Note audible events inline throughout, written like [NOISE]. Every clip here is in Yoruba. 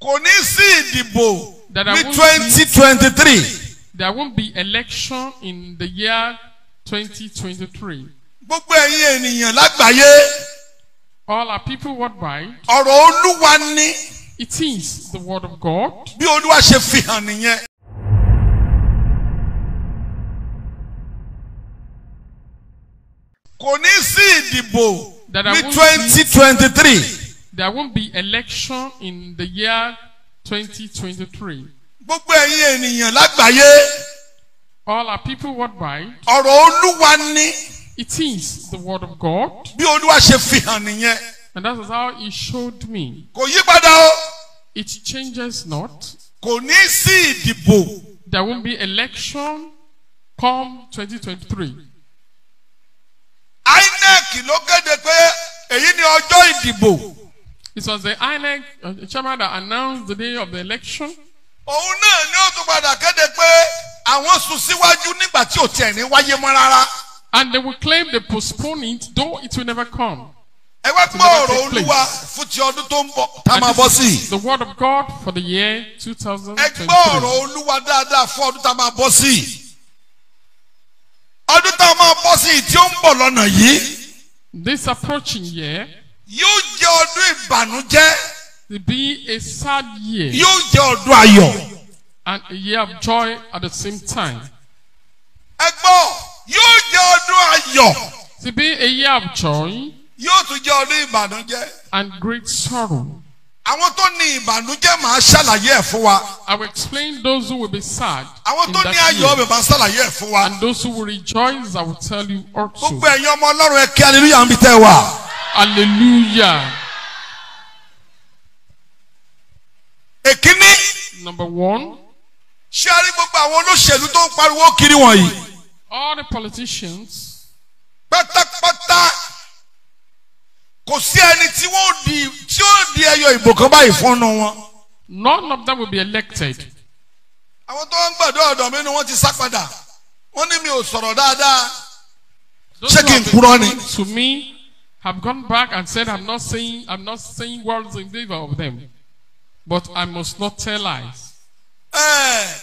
kò ní sí ìdìbò ní twenty twenty three. there won't be election in the year twenty twenty three. gbogbo ẹ̀yin ènìyàn lágbàáyé. all our people worldwide. ọ̀rọ̀ olúwa ni. it is the word of God. bí olúwa ṣe fi hàn nìyẹn. kò ní sí ìdìbò ní twenty twenty three there won't be election in the year 2023. Gbogbo ẹ̀yin ènìyàn lágbàáyé. All our people worldwide. Ọ̀rọ̀ Olúwa ni. It is the word of God. Bí Olúwa ṣe fi hàn nìyẹn. And that is how he showed me. Kò yí padà o. It changes not. Kò ní sí ìdìbò. There won't be election come 2023. INEC ló kéde pé èyí ni ọjọ́ ìdìbò. It was the INEC uh, chairman that announced the day of the election. Òun náà ni ó tún padà kéde pé àwọn sùn síwájú nígbà tí ò tiẹ̀ ní wáyé mọ́ rárá. And they will claim they postpone it though it will never come. Ẹ wá gbọ́ ọ̀rọ̀ Olúwa fún ti ọdún tó ń bọ̀ tá a máa bọ́ sí. the word of God for the year two thousand twenty-three. Ẹ gbọ́ ọ̀rọ̀ Olúwa dáadáa fún ọdún tá a máa bọ́ sí. Ọdún tá a máa bọ́ sí tí ó ń bọ̀ lọ́nà yìí. This approaching year. Yóò jẹ́ ọdún ìbànújẹ́. It be a sad year. Yóò jẹ́ ọdún ayọ̀. And a year of joy at the same time. Ẹ yóò jẹ́ ọdún ayọ̀. To be a year of joy. Yóò tún jẹ́ ọdún ìbànújẹ́. And great sorrow. Àwọn tó ní ìbànújẹ́ máa ṣàlàyé ẹ̀ fún wa. I will explain those who will be sad. Àwọn tó ní ayọ̀ mi máa ṣàlàyé ẹ̀ fún wa. And those who will rejoice I will tell you also. Gbogbo ẹ̀yin ọmọ Ọlọ́run ẹ kí hallelujah ń bi tẹ́ wa hallelujah. èkíní. number one. ṣé a rí gbogbo àwọn olóṣèlú tó ń pariwo kiri wọ̀nyí. all the politicians. pátápátá kò sí ẹni tí wọ́n di tí ó di ẹyọ ìbò kan báyìí fún wọn. none of them will be elected. àwọn tó ń gbàdúrà ọ̀dọ̀ mi ni wọ́n ti sá padà wọ́n ní mi ò sọ̀rọ̀ dáadáa ṣé kí n kúrọ́ ni. to me have gone back and said, I'm not saying, I'm not saying words in favor of them, but I must not tell lies. Eh,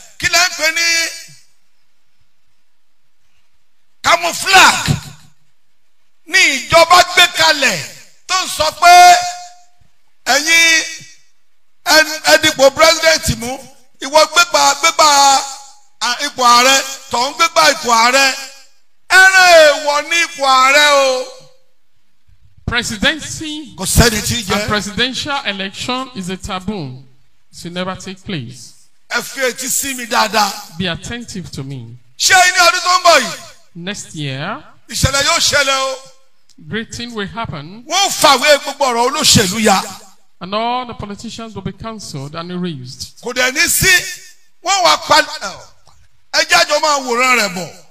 camouflage ní ìjọba gbé kalẹ̀ tó ń sọ pé ẹ̀yin ẹ̀dìpọ̀ president mú ìwọ gbégbá gbégbá ipò ààrẹ tó ń gbégbá ipò ààrẹ ẹ̀rẹ̀ èèwọ̀ ní ipò ààrẹ o. Presidency and presidential election is a taboo. It should never take place. Be attentive to me. Next year, great thing will happen. And all the politicians will be cancelled and erased. Kò dẹ̀ ní sí, wọ́n wá pa ẹjẹ́ àjọ máa wòran rẹ̀ bọ̀.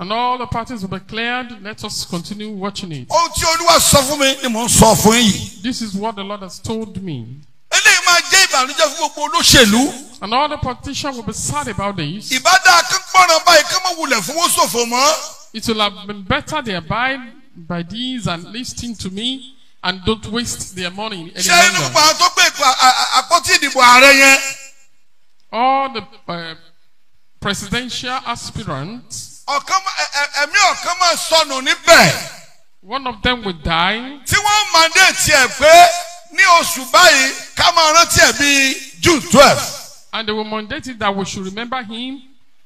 And all the parties will be cleared. Let us continue watching it. This is what the Lord has told me. And all the politicians will be sad about this. It will have been better they abide by these and listening to me and don't waste their money any All the uh, presidential aspirants. ẹ̀mí ọ̀kan máa sọnù níbẹ̀. one of them will die. tí wọ́n mandate ẹ̀ pé ní oṣù báyìí ká máa rántí ẹ̀ bíi June twelve. and they were mandated that we should remember him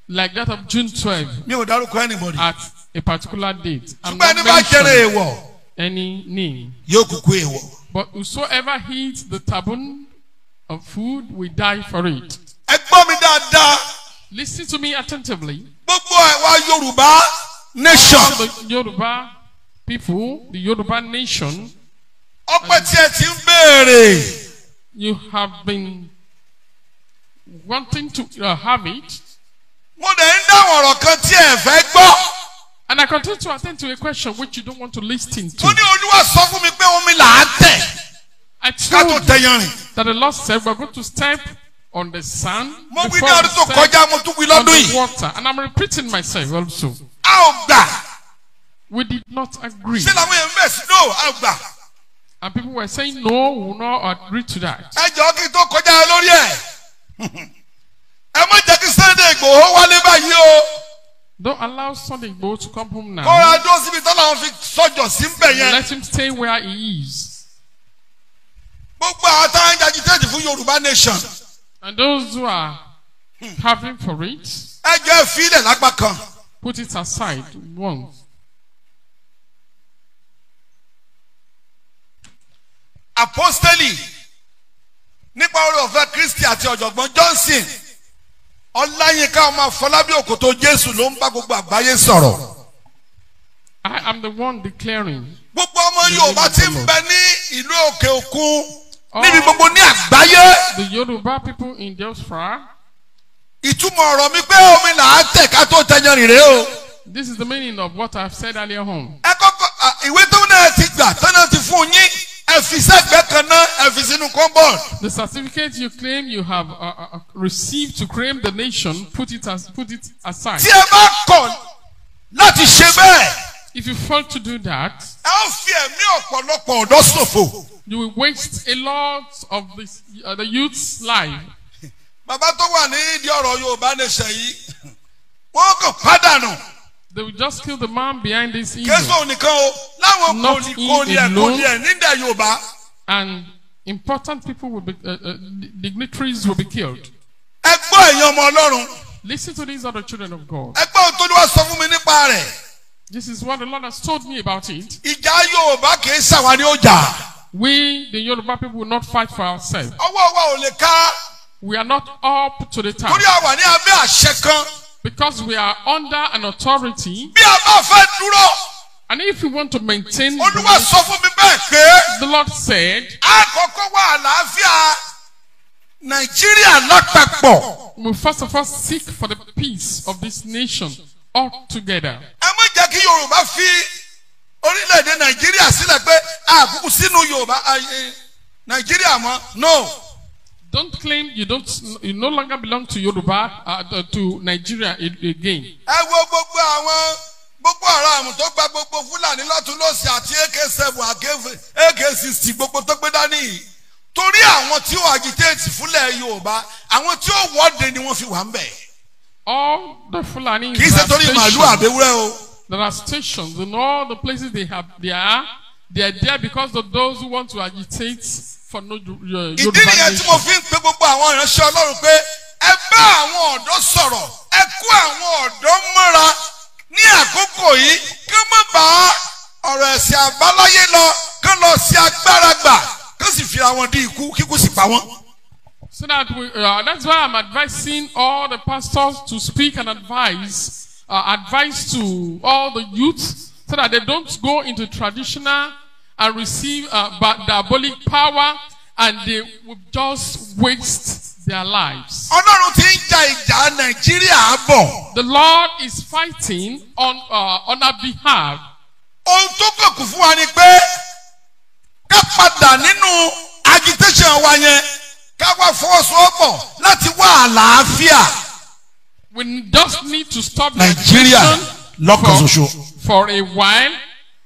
like that of June twelve. mi ò dárúkọ anybody. at a particular date. I'm not mentioning. ṣùgbọ́n ẹni bá jẹrẹ èèwọ̀. any name. yóò kúkú èèwọ̀. but whosoever eats the tabun of food will die for it. ẹ gbọ́ mi dáadáa. Listen to me attentively. Gbogbo ẹ̀wà Yorùbá nation. The Yorùbá people, the Yoruba nation. Ọpẹ́ tí ẹ ti ń béèrè. You have been wanting to uh, have it. Mo dẹ̀ ń dáhùn ọ̀rọ̀ kan tí ẹ fẹ́ gbọ́. And I continue to attend to a question which you don't want to listen to. Mo ní Olúwa sọ fún mi pé omi là á tẹ̀. I told you that the Lord said we are going to step on the sun. mo wí ní ọdún tó kọjá mo tún wí lọ́dún yìí. on the water and i'm repeating myself also. a ò gbà. we did not agree. ṣé làwọn èèyàn bẹ̀ no a ò gbà. and people were saying no we will not agree to that. ẹ jọ kí n tó kọjá lórí ẹ ẹ má jẹ́ kí Sunday Igboho wálé báyìí o. Don't allow Sunday Igboho to come home now. Kọ́ra dúró síbi tọ́lá wọn fi sọ́jọ́ sí bẹ̀ yẹn. Let him stay where he is. Gbogbo àwọn táwọn ń jagitate fún Yorùbá nation. And those who are having for it. Ẹ jẹ́ ìfilẹ̀ lápá kan. Put it aside once. Apostoli nípa orí ọ̀fẹ́ Kristi àti ọ̀jọ̀gbọ́n Johnson Ọláyínká ọmọ Afọlábí Òkòtó Jésù ló ń bá gbogbo àgbáyé sọ̀rọ̀. I am the one declaring. Gbogbo ọmọ Yorùbá ti ń bẹ ní ìlú òkè òkun níbi gbogbo ní àgbáyé. the Yoruba people in Biafra. ìtumọ̀ ọ̀rọ̀ mi pé omi là á tẹ̀ ká tó tẹyàn rèé o. this is the meaning of what I have said earlier Home. ẹ kọ́kọ́ ìwé tó náà ti gbà tó náà ti fún yín ẹ fi sẹ́gbẹ́ kan náà ẹ fi sínú cupboard. the certificate you claim you have uh, uh, uh, received to claim the nation put it, as, put it aside. tí ẹ bá kọ̀ láti ṣe bẹ́ẹ̀. If you fail to do that, You will waste a lot of this, uh, the youth's life. Bàbá tó wà ní ìdí ọ̀rọ̀ Yorùbá nation yìí, wọ́n kàn pàdánù. They will just kill the man behind this evil. Késò nìkan o, láwọn kò ní kò ní ẹ̀ kò ní ẹ̀ nílẹ̀ Yorùbá. And important people will be, uh, uh, dignitaries will be killed. Ẹ gbọ́ ọmọ Ọlọ́run. Listen to these other children of God. Ẹ gbọ́ òtún ni sọ fún mi nípa rẹ̀. This is what the Lord has told me about it. Ìjà Yorùbá kì í ṣàwárí ọjà. We the Yoruba people will not fight for ourselves. Ọwọ́ wa ò lè ká. We are not up to the task. Torí a wà ní abẹ́ àṣẹ kan. Because we are under an authority. Bí a bá fẹ́ dúró. And if you want to maintain. Olúwa sọ fún mi bẹ́ẹ̀ pé. The Lord said. Àkọ́kọ́ wà àlàáfíà Nàìjíríà lápapọ̀. We first of all seek for the peace of this nation altogether. Ẹ kí yorùbá fi orílẹ̀-èdè nàìjíríà sílẹ̀ pé àkókò sínú yorùbá nàìjíríà mọ́ no. Don't claim you don't you no longer belong to Yoruba uh, uh, to Nigeria again. Ẹ wo gbogbo àwọn gbogbo ọ̀rọ̀ àmù tó gba gbogbo Fúlàní lọ́túnlọ́sì àti AK seven AK sixty gbogbo tó gbé dání yìí torí àwọn tí ó agitate fúnlẹ̀ Yorùbá àwọn tí ó wọ́ọ̀dẹ ni wọ́n fi wà ń bẹ̀. All the Fulani in that station. Kì í ṣe torí màálù àbẹ̀wúrẹ́ o. There are stations in all the places they have. They are. They are there because of those who want to agitate for no uh, Yoruba nation. Ìdí nìyẹn tí mo fi ń pe gbogbo àwọn ìránṣẹ́ Ọlọ́run pé ẹ bá àwọn ọ̀dọ́ sọ̀rọ̀ ẹ kó àwọn ọ̀dọ́ mọ́ra ní àkókò yìí kí wọ́n má bàa ọ̀rọ̀ àbáláyé lọ kí wọ́n lọ sí agbára gbà kí wọ́n sì fi àwọn dín ikú kíkú sì pa wọ́n. So that we, uh, that's why I'm advising all the pastors to speak and advise uh, advice to all the youths so that they don't go into traditional and receive uh, diabolic power and they will just waste their lives. Ọlọ́run ti ń ja ìjà Nàìjíríà bọ̀. The Lord is fighting on, uh, on our behalf. Ohun tó kàn fún wa ni pé ká padà nínú agitation wa yẹn ká wá fọwọ́sowọ́pọ̀ láti wá àlàáfíà. We just need to stop Nigeria for, for a while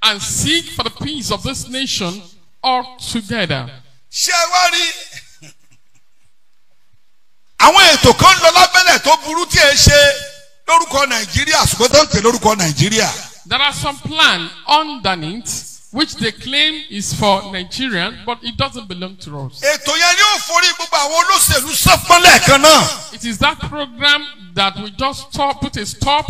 and seek for the peace of this nation altogether. Ṣé wá rí àwọn ètò kan lọ lábẹ́lẹ̀ tó burú tí ẹ ṣe lórúkọ Nàìjíríà ṣùgbọ́n tó ń pè lórúkọ Nàìjíríà. There are some plans underneath which they claim is for Nigerian but it doesn't belong to us. ètò yẹn yóò forí gbogbo àwọn olóṣèlú sọ́pọ́n lẹ́ẹ̀kan náà. it is that program that we just stop, put a stop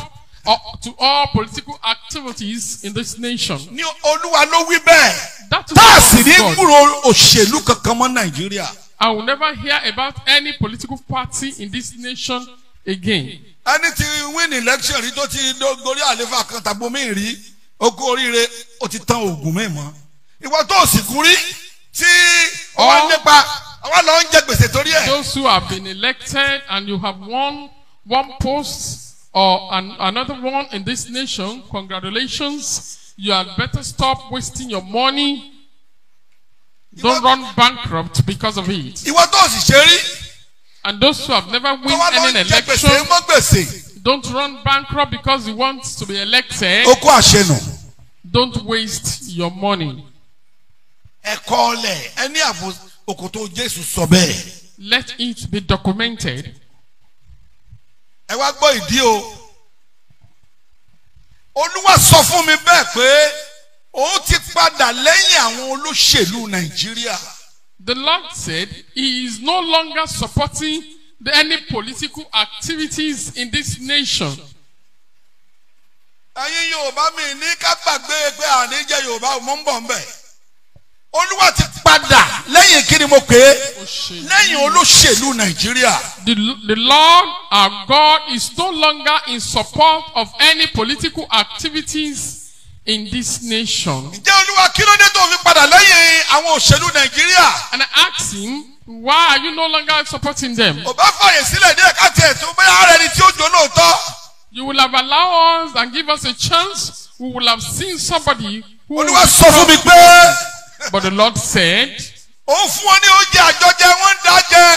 uh, to all political activities in this nation. ní olúwa ló wí bẹ́ẹ̀. that is what God. táàsì ní gbúrò òṣèlú kankan mọ́ nàìjíríà. I will never hear about any political party in this nation again. ẹni tí win election rí tó ti gorí àlefa kan tàbí omi rí. ogún oríire ó ti tán mẹ́mọ́ tó sì nípa lọ gbèsè torí ẹ̀. those who have been elected and you have won one post or an, another one in this nation congratulations you had better stop wasting your money don't run bankrupt because of it. ìwọ tó sì and those who have never won any election don't run bankrupt because you want to be elected. ó kó Don't waste your money. Ẹ kọ́ ọ ẹ ní àfọ Jésù sọ bẹ́ẹ̀. Let it be documented. Ẹ wá gbọ́ ìdí o. Olúwa sọ fún mi bẹ́ẹ̀ pé òun ti padà lẹ́yìn àwọn olóṣèlú Nàìjíríà. The Lord said he is no longer supporting any political activities in this nation ẹ̀yin yorùbá mi ní ká pé àní yorùbá mo ń bọ̀ ń bẹ̀. olúwa ti padà lẹ́yìn kí ni mo pè lẹ́yìn olóṣèlú nàìjíríà. The, Lord our God is no longer in support of any political activities in this nation. ǹjẹ́ olúwa kí ló dé tó fi padà lẹ́yìn àwọn òṣèlú nàìjíríà. And I ask him. Why are you no longer supporting them? Ò fàyè sílẹ̀ díẹ̀ ká tiẹ̀ tó bẹ́ẹ̀ ara ẹni tí ó jò lóòótọ́. You will have allowed us and give us a chance. We will have seen somebody who. Olúwa sọ fún mi pé. But the Lord said. Ó fún wọn ní oúnjẹ àjọjẹ wọn dá jẹ.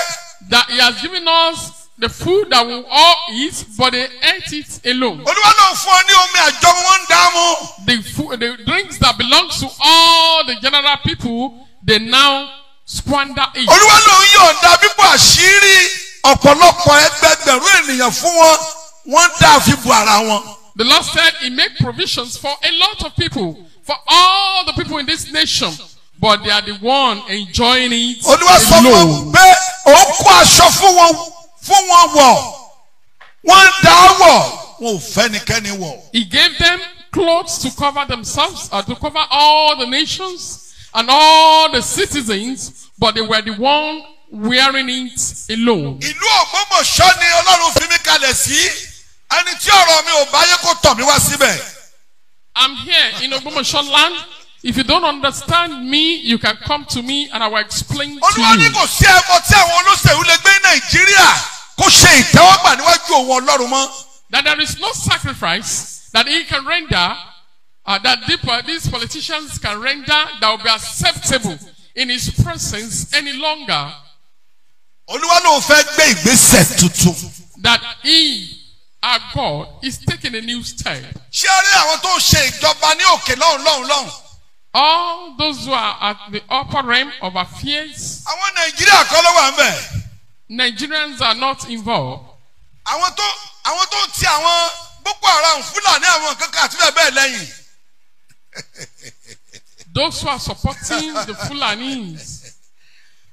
That he has given us the food that we all eat but they ate it alone. Olúwa náà fún ọ ní omi àjọ wọn dá mu. The food the drinks that belong to all the general people they now squander it. Olúwa náà yọ̀ǹda bíbọ̀ àṣírí ọ̀pọ̀lọpọ̀ ẹgbẹgbẹ̀rún ènìyàn fún wọn wọ́n dààfin bu ara wọn. The Lord said he made provisions for a lot of people, for all the people in this nation, but they are the one enjoying it alone. Olúwa sọ fún wọn pé òun kó aṣọ fún wọn fún wọn wọ̀, wọ́n dá wọ̀, wọn ò fẹ́nikẹ́ni wọ̀. He gave them clothes to cover themselves and to cover all the nations and all the citizens, but they were the one wearing it alone. Ìlú Ògbómọ̀ṣọ́ ni Ọlọ́run fi mí kalẹ̀ sí ẹni tí ọ̀rọ̀ mi ò bá kó tọ̀ mí wá síbẹ̀. I'm here in Ogbomoso land. If you don't understand me, you can come to me and I will explain to you. Olúwa ní kò sí ẹbọ tí àwọn olóṣèlú lè gbé Nàìjíríà kó ṣe ìtẹ́wọ́gbà níwájú òun Ọlọ́run mọ́. That there is no sacrifice that he can render uh, that the, uh, these politicians can render that will be acceptable in his presence any longer. Olúwa ló fẹ́ gbé ìgbésẹ̀ tuntun. That he our God is taking a new step. Ṣé ẹ rí àwọn tó ń ṣe ìjọba ní òkè lọ́hùn lọ́hùn lọ́hùn? All those who are at the upper realm of affairs. Àwọn Nàìjíríà kọ́ ló wà ń bẹ̀. Nigerians are not involved. Àwọn tó àwọn tó ń ti àwọn Boko Haram Fúlàní àwọn nǹkan kan bẹ́ẹ̀ bẹ́ẹ̀ lẹ́yìn. [LAUGHS] Those who are supporting the Fulanis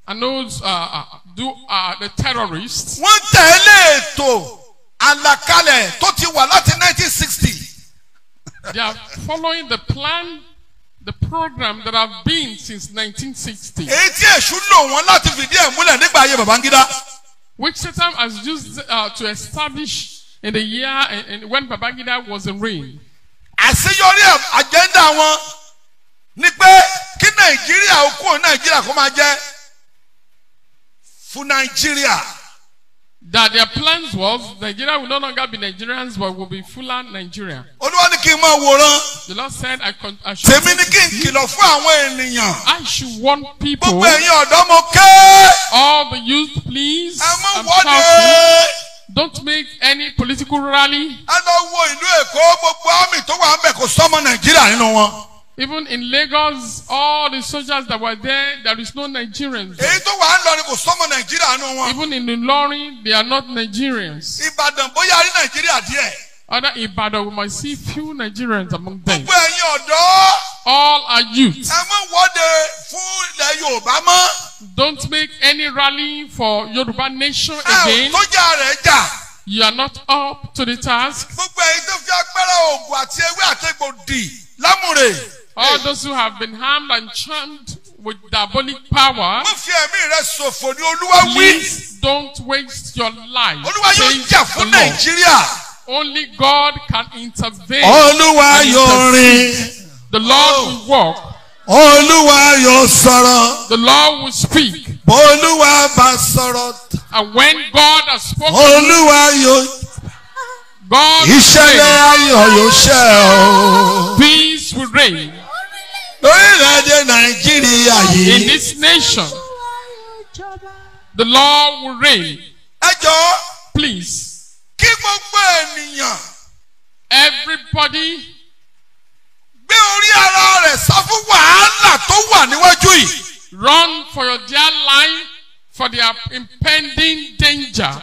and those uh, uh do, uh, the terrorists. Wọ́n tẹ̀lé ètò àlàkalẹ̀ tó ti wà láti 1960. They are following the plan the program that have been since 1960. Etí èṣù lò wọ́n láti fìdí ẹ̀ múlẹ̀ nígbà ayé Babangida. Which Satan has used uh, to establish in the year and in, when Babangida was in reign. Àṣeyọrí àjẹ́ndà wọn ni pé kí Nàìjíríà ó kúrò Nàìjíríà kó máa jẹ́ fún Nàìjíríà that their plans was Nigeria will no longer be Nigerians but will be fuller Nigeria. The Lord said I con I should. Tèmi I should warn people. All the youth please. and mú Don't make any political rally. Even in Lagos, all the soldiers that were there, there is no Nigerians. Èyí tó wà ń lọrin kò sọ́mọ Nàìjíríà nù wọn. Even in the lorry, they are not Nigerians. Ìbàdàn bóyá rí Nàìjíríà díẹ̀. Other Ibadan, we might see few Nigerians among them. Gbogbo ẹ̀yin ọ̀dọ́. All are youths. Ẹ má wọ́de fún ilẹ̀ Yorùbá mọ́. Don't make any rally for Yoruba nation again. Ẹ ò tó rẹ̀ jà. You are not up to the task. Gbogbo ẹ̀yin tó fi agbára oògùn àti ewé àtẹ̀gbò dì lámùrè. All those who have been harmed and charmed with diabolic power. Please don't waste your life. Olúwa yóò jà Only God can intervene. Olúwa yóò The Lord oh. will walk. Olúwa The Lord will speak. Olúwa And when God has spoken. Olúwa God will Peace will reign lórílẹ̀‐èdè nàìjíríà yìí. in this nation the law will reign. ẹ please. kí gbogbo ènìyàn. everybody. gbé orí ara rẹ̀ sá fún wàhálà tó wà níwájú yìí. run for your dear life for their impending danger.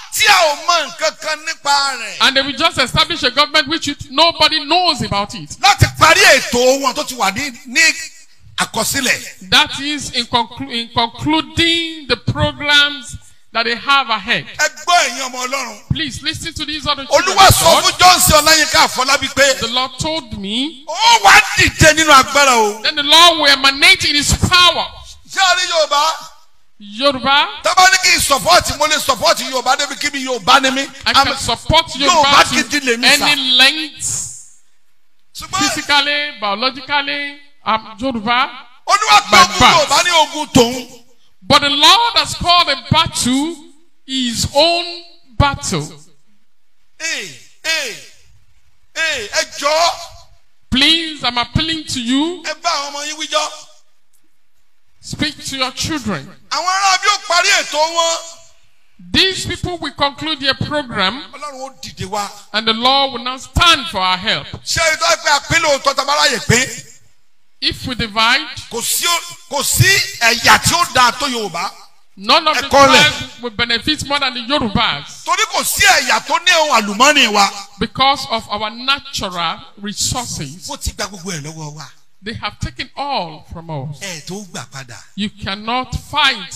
tí a ò mọ nǹkan kan nípa rẹ̀. and they will just establish a government which nobody knows about it. láti parí ètò wọn tó ti wà ní ní àkọsílẹ̀. that is in, conclu in concluding the programs that they have ahead. ẹ gbọ́ ẹ̀yin ọmọ ọlọ́run. please lis ten to these other children. olúwa sọ fún johnson ọláyínká àfọlábí pé. the lord told me. ó wá dìde nínú agbára o. then the lord will emanate in his power. ṣé a rí yorùbá. Yorùbá. Tọ́ba ní kí n support mo lè support Yorùbá débi kí mi Yorùbá ni mi. I can support Yorùbá to any length. Physically, biologically, I'm Yorùbá. Olúwa pé ogun Yorùbá ní ogun tòun. But the Lord has called a battle his own battle. Ee ee ee ẹ jọ. Please, I'm appealing to you. Ẹ bá àwọn ọmọ yín wíjọ́. Speak to your children. Àwọn ará bí ó parí ètò wọn. These people will conclude their program. Ọlọ́run ó dìde wá. And the Lord will now stand for our help. Ṣé ìtọ́ ìpè àpélò òótọ́ tá a pé? If we divide. Kò sí kò sí ẹ̀yà tí ó dáa tó Yorùbá. None of the tribes will benefit more than the Yorubas. Torí kò sí ẹ̀yà tó ní ohun àlùmọ́nì wa. Because of our natural resources. Ó ti gba gbogbo ẹ̀ lọ́wọ́ wa. They have taken all from us. Ẹ tó gbà padà. You cannot fight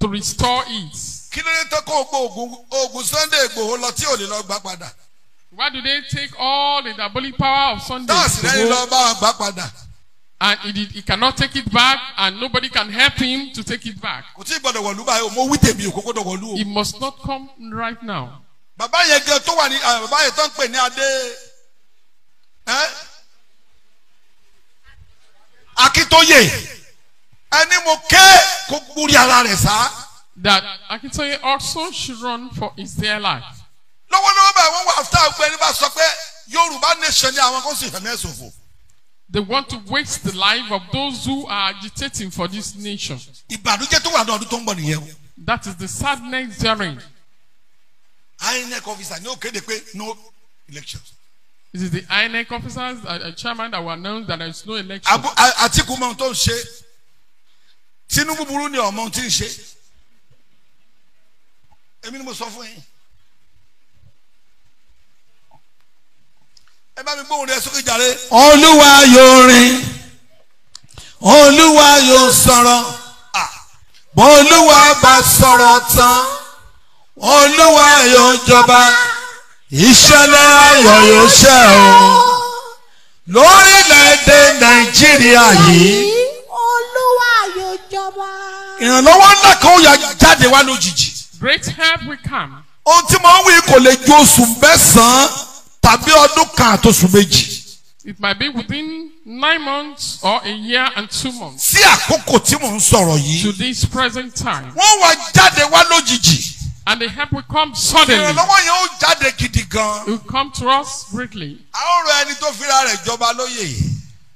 to restore it. Kí ló dé tó kó oògùn oògùn Sunday Ìgbòho lọ tí ò ní lọ gbà padà? Why do they take all the diabolic power of Sunday? Nọ́ọ̀sì rẹ̀ lọ bá wọn gbà padà. And he, did, he cannot take it back and nobody can help him to take it back. Kò It must not come right now. Akintoye ẹni mo ké kó gbórí ara rẹ̀ sá. That Akintoye also should run for his dear life. Lọ́wọ́lọ́wọ́ báyìí wọ́n wà fún àgbẹ̀ nípa sọ pé Yorùbá nation ni àwọn kan sì fẹ̀mí ẹ̀sùn fò. They want to waste the life of those who are agitating for this nation. Ìbànújẹ́ tó wà ní ọdún tó ń bọ̀ nìyẹn o. That is the sadness during. INEC officer ni ó kéde pé no elections. It is the INEC officers and uh, uh, chairman that were announce that there is no election. Abu Atiku mọ tó ń ṣe. Tinubu burú ni ọmọ tí ń ṣe. Èmi ni mo sọ fún yín. Ẹ bá mi gbóhùn rẹ sókè jàre. Olúwa yóò rìn. Olúwa yóò sọ̀rọ̀. Bọ́lúwa bá sọ̀rọ̀ tán. Olúwa yóò jọba ìṣẹ̀lẹ̀ ayọ̀ yóò ṣẹ o lórílẹ̀‐èdè nàìjíríà yìí. olúwa yóò jọba. ìrànlọ́wọ́ ńlá kan ó yà jáde wá lójijì. great help will come. ohun tí mo ń wí kò lè ju oṣù mẹ́sàn-án tàbí ọdún kan àtòṣù méjì. It might be within nine months or a year and two months. Sí àkókò tí mò ń sọ̀rọ̀ yìí. To this present time. Wọ́n wá jáde wá lójijì. And the help will come suddenly. Ìrànlọ́wọ́ yẹn ó jáde gidi gan. will come to us quickly. A ó ẹni tó fira rẹ̀ jọba lóye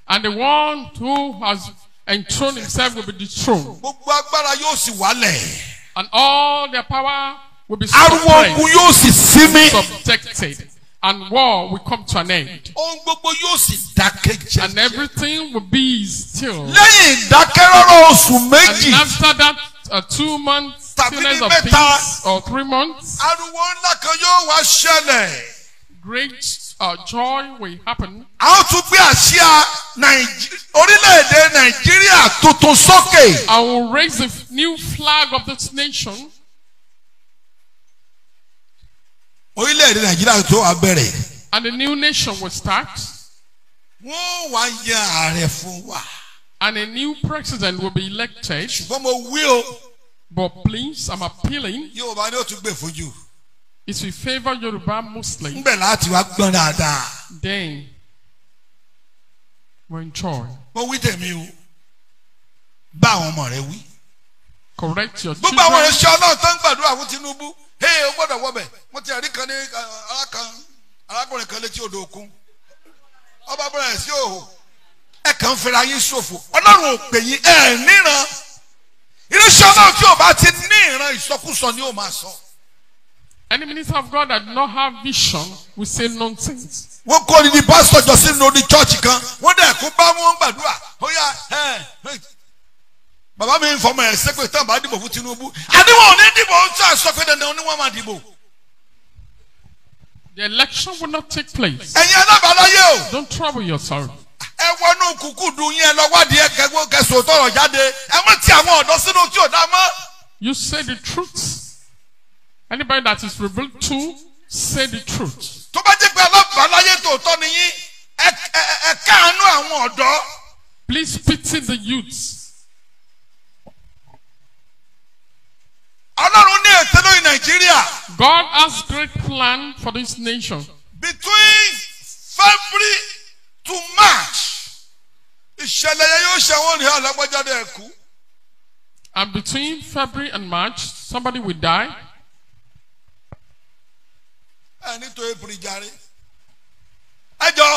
And the one who has enthroned himself will be dethroned. Gbogbo agbára yóò sì wálẹ̀. And all their power will be suppressed. Ariwo ogun yóò sì sinmi. Subjected. And war will come to an end. Ohun gbogbo yóò sì dákẹ́ jẹ́jẹ́. And everything will be still. Lẹ́yìn ìdákẹ́rọ́rọ́ oṣù méjì. And after that uh, two months tàbí ní mẹ́ta ariwo ńlá kan yóò wá ṣẹlẹ̀. Great uh, joy will happen. A ó tún gbé àsíá orílẹ̀-èdè Nàìjíríà tuntun sókè. I will raise the new flag of this nation. Orílẹ̀-èdè Nàìjíríà tó wá bẹ̀rẹ̀. And a new nation will start. Wọ́n wá yan ààrẹ fún wa. And a new president will be elected. Ṣùgbọ́n mo wí o. But please, I'm appealing. Yorùbá ni ó tún gbè fún If we favour Yoruba Muslims. Ń bẹ̀ láti wá gbọ́n dáadáa. Then we enjoy. Mo wí tèmi o. Bá àwọn ọmọ rẹ wí. Correct your children. Gbogbo àwọn ẹ̀ṣọ́ náà tó ń gbàdúrà fún Tinubu. Ee o gbọ́dọ̀ wọbẹ̀. Mo ti rí kan ní eh, arákùnrin kan létí odò òkun. Ọba bẹ̀rẹ̀ sí òhò. Ẹ kàn ń fira yín ṣòfò. Ọlọ́run ò pè yín ẹ̀ níran iléeṣẹ́ náà tí o bá ti ní ìran ìsọkúsọ ni o máa sọ. Any minister of God that do not have vision will say nonsense. Wọ́n kọ́ ni ní pásítọ̀ jọ sínú ní chọ́ọ̀chì kan. Wọ́n dẹ̀ kó bá wọn gbàdúrà. Ó yà ẹ̀ bàbá mi ń fọmọ ẹ̀ ṣépè tán bá dìbò fún Tinubu. Àdìwọ̀n ò ní dìbò ó sọ àṣọ pé dandan ni wọ́n máa dìbò. The election will not take place. Ẹ̀yin alábàáláyé o. Don't trouble yourself ẹ wọnú kúkú dùn yín lọ wádìí ẹ kẹsùn tọrọ jáde ẹ mọ ti àwọn ọ̀dọ́ sínú tí ò dá You say the truth. Anybody that is revealed to say the truth. tó bá jẹ́ pé alábàáláyé tòótọ́ ni yín ẹ ẹ àwọn ọ̀dọ́. Please pity the youths. Ọlọ́run ní ètò lórí Nàìjíríà. God has great plan for this nation. Between February too much ìṣẹ̀lẹ̀ yẹn yóò ṣe àwọn ènìyàn alágbájáde ẹ̀kú. and between february and march somebody will die. ẹ nítorí april jàre ẹ jọ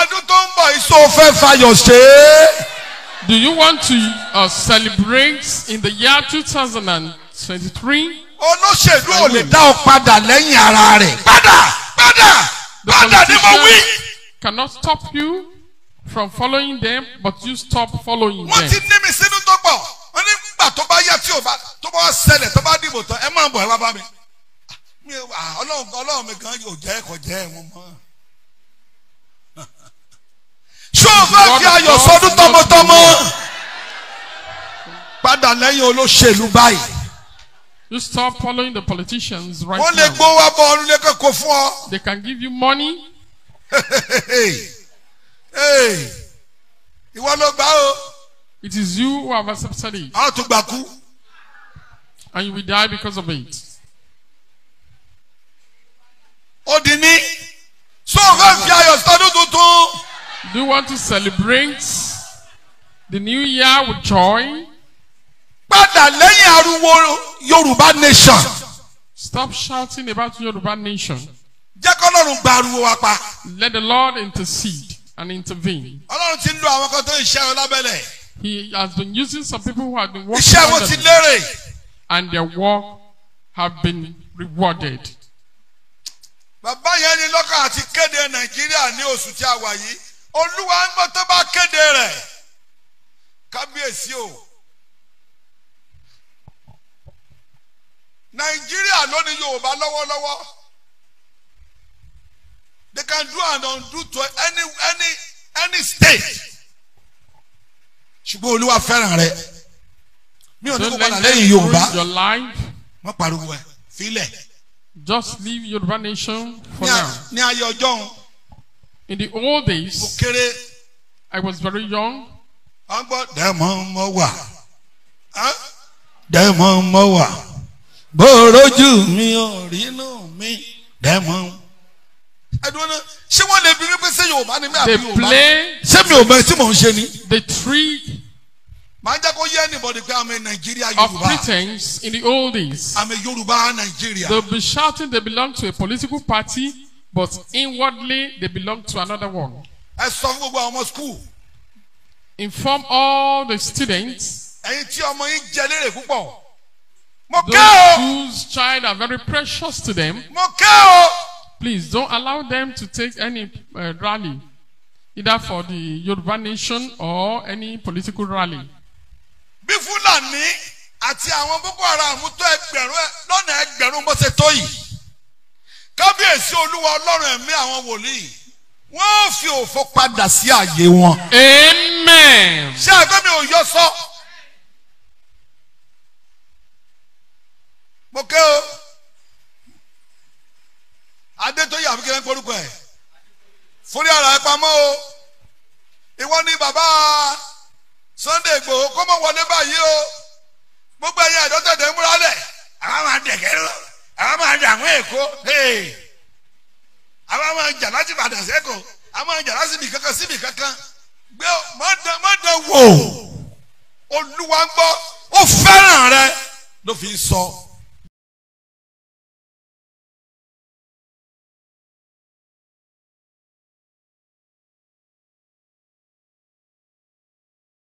ọdún tó ń bọ̀ iṣẹ́ òfẹ́ fayọ̀ ṣe é. Do you want to uh, celebrate in the year 2023? Olóṣèlú ò lè dá ọ padà lẹ́yìn ara rẹ̀. Padà padà. The politicians cannot stop you from following them, but you stop following them. wọ́n ní gbà tó bá yá tí o bá tó bá ṣẹlẹ̀ tó bá dìbò tán ẹ máa bọ̀ ẹ wá bá mi. ọlọ́run ọlọ́run mi gan yóò jẹ́ ẹ̀kọ́ jẹ́ ẹ̀wọ̀n mọ́. [LAUGHS] ṣé o fẹ́ fi ayọ̀ sọdún tọmọtọmọ padà lẹ́yìn olóṣèlú báyìí. You stop following the politicians right now. Wọ́n lè gbó wá bọ̀ lè kẹ́kọ̀ọ́ fún ọ. They can give you money. Ìwọ ló gbà o. It is you who have accepted it. A tún gbà kú. And you will die because of it. Ó di So fẹ́ fi ayọ̀ sọ́dún tuntun. Do you want to celebrate the new year with joy? padà lẹ́yìn ariwo Yorùbá nation. Stop shouting about Yoruba nation. Jẹ́ kọ́lọ́run gba ariwo wa pa. Let the Lord intercede and intervene. Ọlọ́run ti ń lo àwọn kan tó ń ṣe ọ lábẹ́lẹ̀. He has been using some people who have been working. Iṣẹ́ wo ti lérè? And their work have been rewarded. Bàbá yẹn ni lọ́kàn àti kéde Nàìjíríà ní oṣù tí a wà yìí. Olúwa ń gbọ́ tó bá kéde rẹ̀. Kábíyèsí o. Nàìjíríà ló ní Yorùbá lọ́wọ́lọ́wọ́ they can do and undo to any any any state ṣùgbọ́n Olúwa fẹ́ràn rẹ mi ò ní kó padà lẹ́yìn Yorùbá wọ́n pariwo ẹ̀ filẹ̀. just leave Yorùbá nation for now. ní ayé ọjọ́ òun. in the old days. mo I was very young. wọ́n gbọ́ dẹ́mọ̀ mọ́ wà. dẹ́mọ̀ mọ́ wà bòrójú mi ò rínú mi dẹ́mọ̀. ẹ̀dùnúnà ṣé wọ́n lè bí wípé ṣé Yorùbá ni mí àbí Yorùbá ṣé mi ò mọ tí mò ń ṣe ni. the three máa ń jẹ́ kó yé anybody pé I'm a Yorùbá. of pretense in the old days. I'm Yorùbá Nigeria. they be shouting they belong to a political party but inwardly they belong to another one. ẹ sọ fún gbogbo ọmọ school. inform all the students. ẹ̀yin tí ọmọ yín jẹ lérè púpọ̀. Those whose child are very precious to them. Please don't allow them to take any uh, rally either for the Yoruba nation or any political rally. Bí Fúlàní àti àwọn Boko Haram tó ẹgbẹ̀rún lọ́nà ẹgbẹ̀rún bó ṣe tó yìí. Kábíyèsí Olúwa Ọlọ́run ẹ̀mí àwọn wòlíì wọ́n fi òfo padà sí ààyè wọn. Amen. Ṣé àgbẹ̀ mi ò yọ sọ? oke o adétóyè àfikẹ́ ń porúkọ ẹ forí ara ẹ o ìwọ ni bàbá Sunday Igboho kó o gbogbo ẹ̀yìn àdọ́tẹ̀dẹ̀ ń múra ma àwọn máa ma lọ àwọn máa dà àwọn èkó àwọn máa jà láti àwọn máa jà láti kankan kankan gbé wò olúwa rẹ ló fi